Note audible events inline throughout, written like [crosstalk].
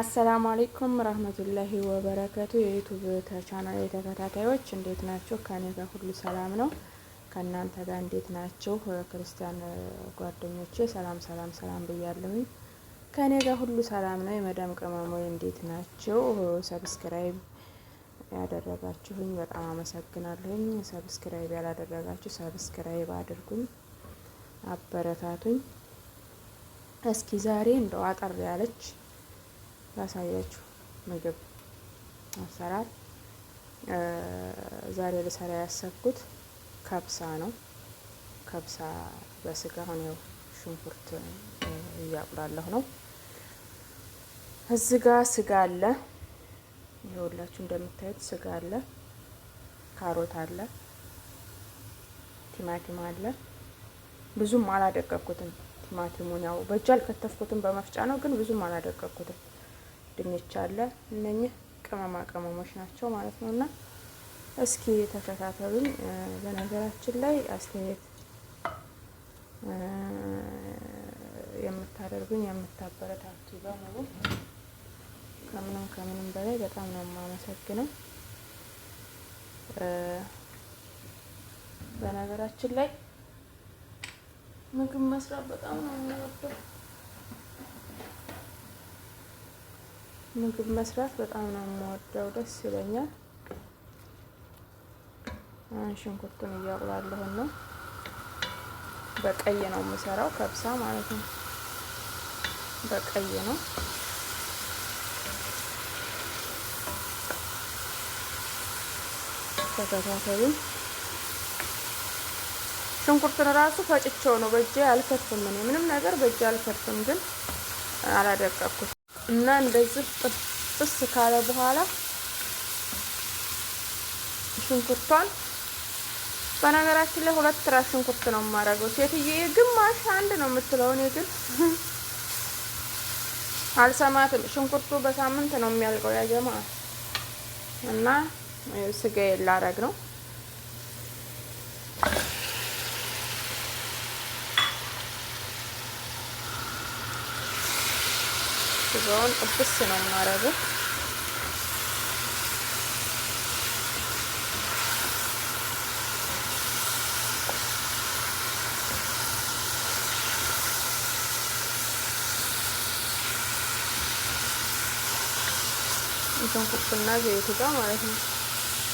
አሰላሙ አሌይኩም ረህመቱላሂ ወበረከቱ። የዩቱብ ቻናል የተከታታዮች እንዴት ናችሁ? ከኔ ጋር ሁሉ ሰላም ነው። ከእናንተ ጋር እንዴት ናችሁ? ክርስቲያን ጓደኞቼ ሰላም ሰላም ሰላም ብያለሁኝ። ከእኔ ጋር ሁሉ ሰላም ነው። የመዳም ቅመሞ እንዴት ናችሁ! ሰብስክራይብ ያደረጋችሁኝ በጣም አመሰግናለሁኝ። ሰብስክራይብ ያላደረጋችሁ ሰብስክራይብ አድርጉኝ፣ አበረታቱኝ። እስኪ ዛሬ እንደው አጠር ያለች ላሳያችሁ ምግብ አሰራር። ዛሬ ልሰራ ያሰብኩት ከብሳ ነው። ከብሳ በስጋ አሁን ያው ሽንኩርት እያቁላለሁ ነው። እዚህ ጋ ስጋ አለ፣ ይኸውላችሁ እንደምታዩት ስጋ አለ፣ ካሮት አለ፣ ቲማቲም አለ። ብዙም አላደቀኩትም ቲማቲሙን ያው በእጅ አልከተፍኩትም በመፍጫ ነው፣ ግን ብዙም አላደቀኩትም። ድንች አለ። እነኚህ ቅመማ ቅመሞች ናቸው ማለት ነው። እና እስኪ ተከታተሉኝ። በነገራችን ላይ አስተያየት የምታደርጉኝ የምታበረታቱ በሙሉ ከምንም ከምንም በላይ በጣም ነው የማመሰግነው። በነገራችን ላይ ምግብ መስራት በጣም ነው የሚወደው። ምግብ መስራት በጣም ነው የምወደው፣ ደስ ይለኛል። ሽንኩርቱን እያቁላለሁን ነው። በቀይ ነው የምሰራው፣ ከብሳ ማለት ነው። በቀይ ነው ተከታተሉ። ሽንኩርቱን ራሱ ፈጭቸው ነው በእጄ አልከትፍም። እኔ ምንም ነገር በእጄ አልከትፍም፣ ግን አላደቀኩት እና እንደዚህ ጥስ ካለ በኋላ ሽንኩርቷን በነገራችን ላይ ሁለት ራስ ሽንኩርት ነው የማደርገው። ሴትዬ ግማሽ አንድ ነው የምትለው፣ እኔ ግን አልሰማትም። ሽንኩርቱ በሳምንት ነው የሚያልቀው ያጀማ እና ስጋ የላረግ ነው ስጋውን ጥብስ ነው የማረገው። እንትን ኩኩና ዘይቱ ጋር ማለት ነው።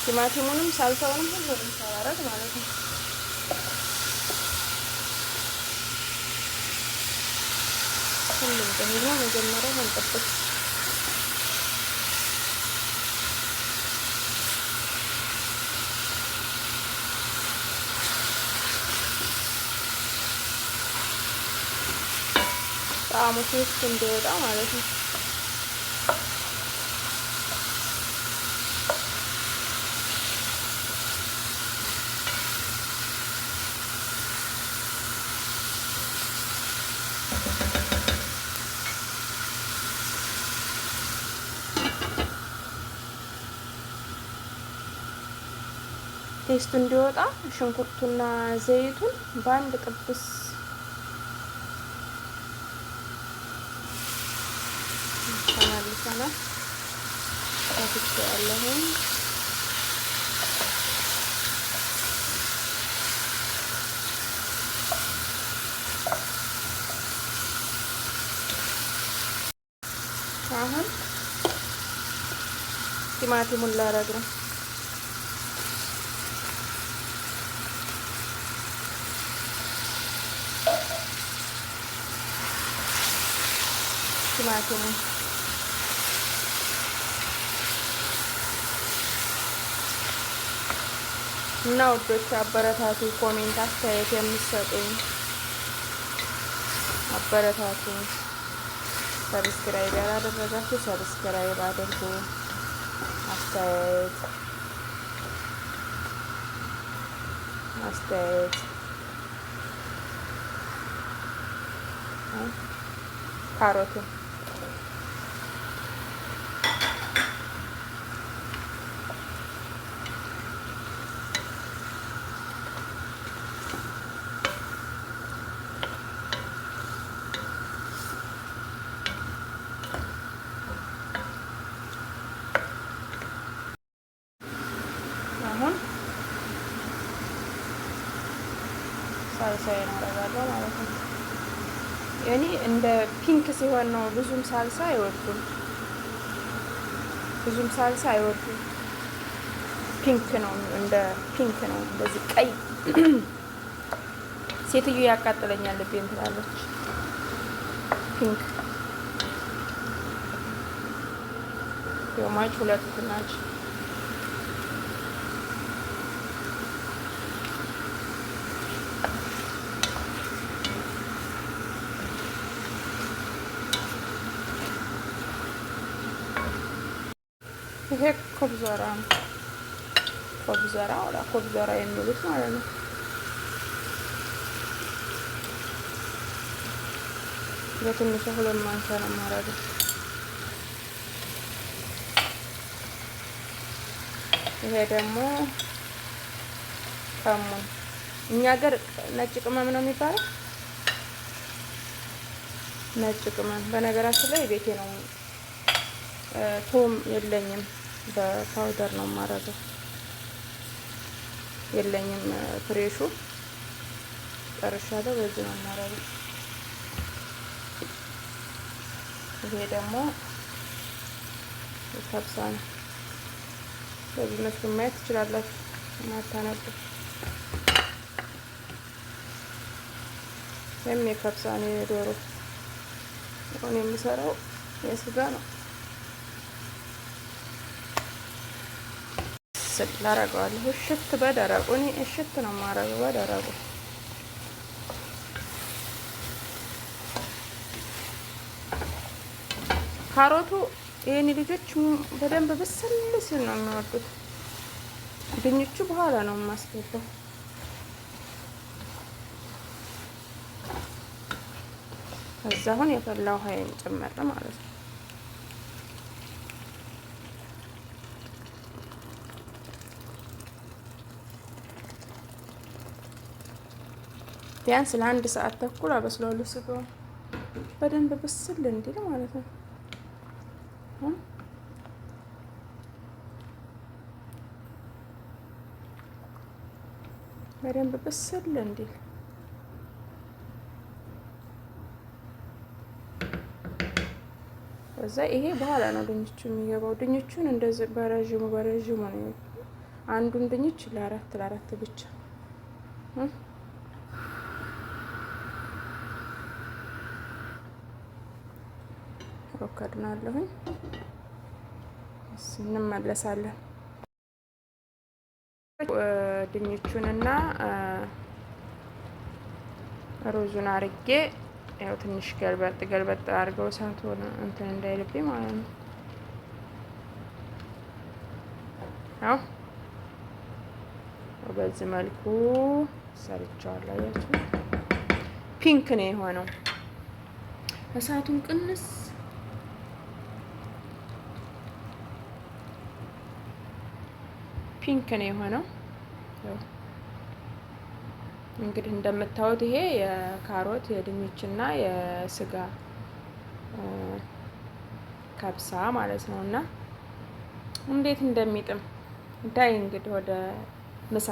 ቲማቲሙንም ሳልሳውንም ሁሉንም ሳላረግ ማለት ነው። ሁሉም ገና መጀመሪያ መንጠበስ ጣዕሙ ቴስት እንዲወጣ ማለት ነው። ቴስቱ እንዲወጣ ሽንኩርቱና ዘይቱን በአንድ ቅብስ ተመልሰናል። ከፍቼ ያለሁኝ አሁን ቲማቲሙን ላረግ ነው። ቲማቲሙ እና ውዶች አበረታቱ። ኮሜንት አስተያየት የምትሰጡኝ አበረታቱ። ሰብስክራይብ ያላደረጋችሁ ሰብስክራይብ አድርጉ። አስተያየት አስተያየት ካሮትን ሳልሳ ይኖረባለሁ ማለት ነው። እኔ እንደ ፒንክ ሲሆን ነው ብዙም ሳልሳ አይወዱም፣ ብዙም ሳልሳ አይወዱም። ፒንክ ነው እንደ ፒንክ ነው እንደዚህ ቀይ። [clears throat] ሴትዮ ያቃጥለኛል ልቤን ትላለች። ፒንክ የማች ሁለት ናቸው ኮብዘራ ነው። ኮብዞራ ወላ ኮብዞራ የሚሉት ማለት ነው። በትንሹ ሁለት ማንኪያ ነው የማደርገው። ይሄ ደግሞ ከሙን እኛ ሀገር ነጭ ቅመም ነው የሚባለው። ነጭ ቅመም በነገራችን ላይ ቤቴ ነው። ቶም የለኝም። በፓውደር ነው ማረገው። የለኝም ፍሬሹ ጨርሻለሁ። በዚህ ነው ማረገው። ይሄ ደግሞ ከብሳ ነው። በዚህ መስሉ ማየት ትችላላችሁ። ማታነጡ ወይም የከብሳን የዶሮ አሁን የምሰራው የስጋ ነው። እንዲበስል ላረገዋለሁ። እሽት በደረቁ እኔ እሽት ነው የማረገው በደረቁ ካሮቱ ይህን ልጆች በደንብ በስል ሲል ነው የሚወዱት። ድንቹ በኋላ ነው የማስገባው። ከዛ አሁን የፈላ ውሃ ማለት ነው። ቢያንስ ለአንድ ሰዓት ተኩል አበስሏሉ። ስጋውን በደንብ ብስል እንዲል ማለት ነው። በደንብ ብስል እንዲል እዛ ይሄ በኋላ ነው ድንቹ የሚገባው። ድንቹን እንደዚህ በረዥሙ በረዥሙ ነው። አንዱን ድንች ለአራት ለአራት ብቻ ነው አቦካድናለሁኝ። እንመለሳለን። ድንቹንና ሩዙን አርጌ ያው ትንሽ ገልበጥ ገልበጥ አድርገው እሳት ሆነ እንትን እንዳይልብኝ ማለት ነው። ያው በዚህ መልኩ ሰርቻለሁ። ያቺ ፒንክ ነው የሆነው። እሳቱን ቅንስ ፒንክ ነው የሆነው። እንግዲህ እንደምታዩት ይሄ የካሮት እና የስጋ ከብሳ ማለት ነው እና እንዴት እንደሚጥም ዳይ እንግዲህ ወደ ምሳ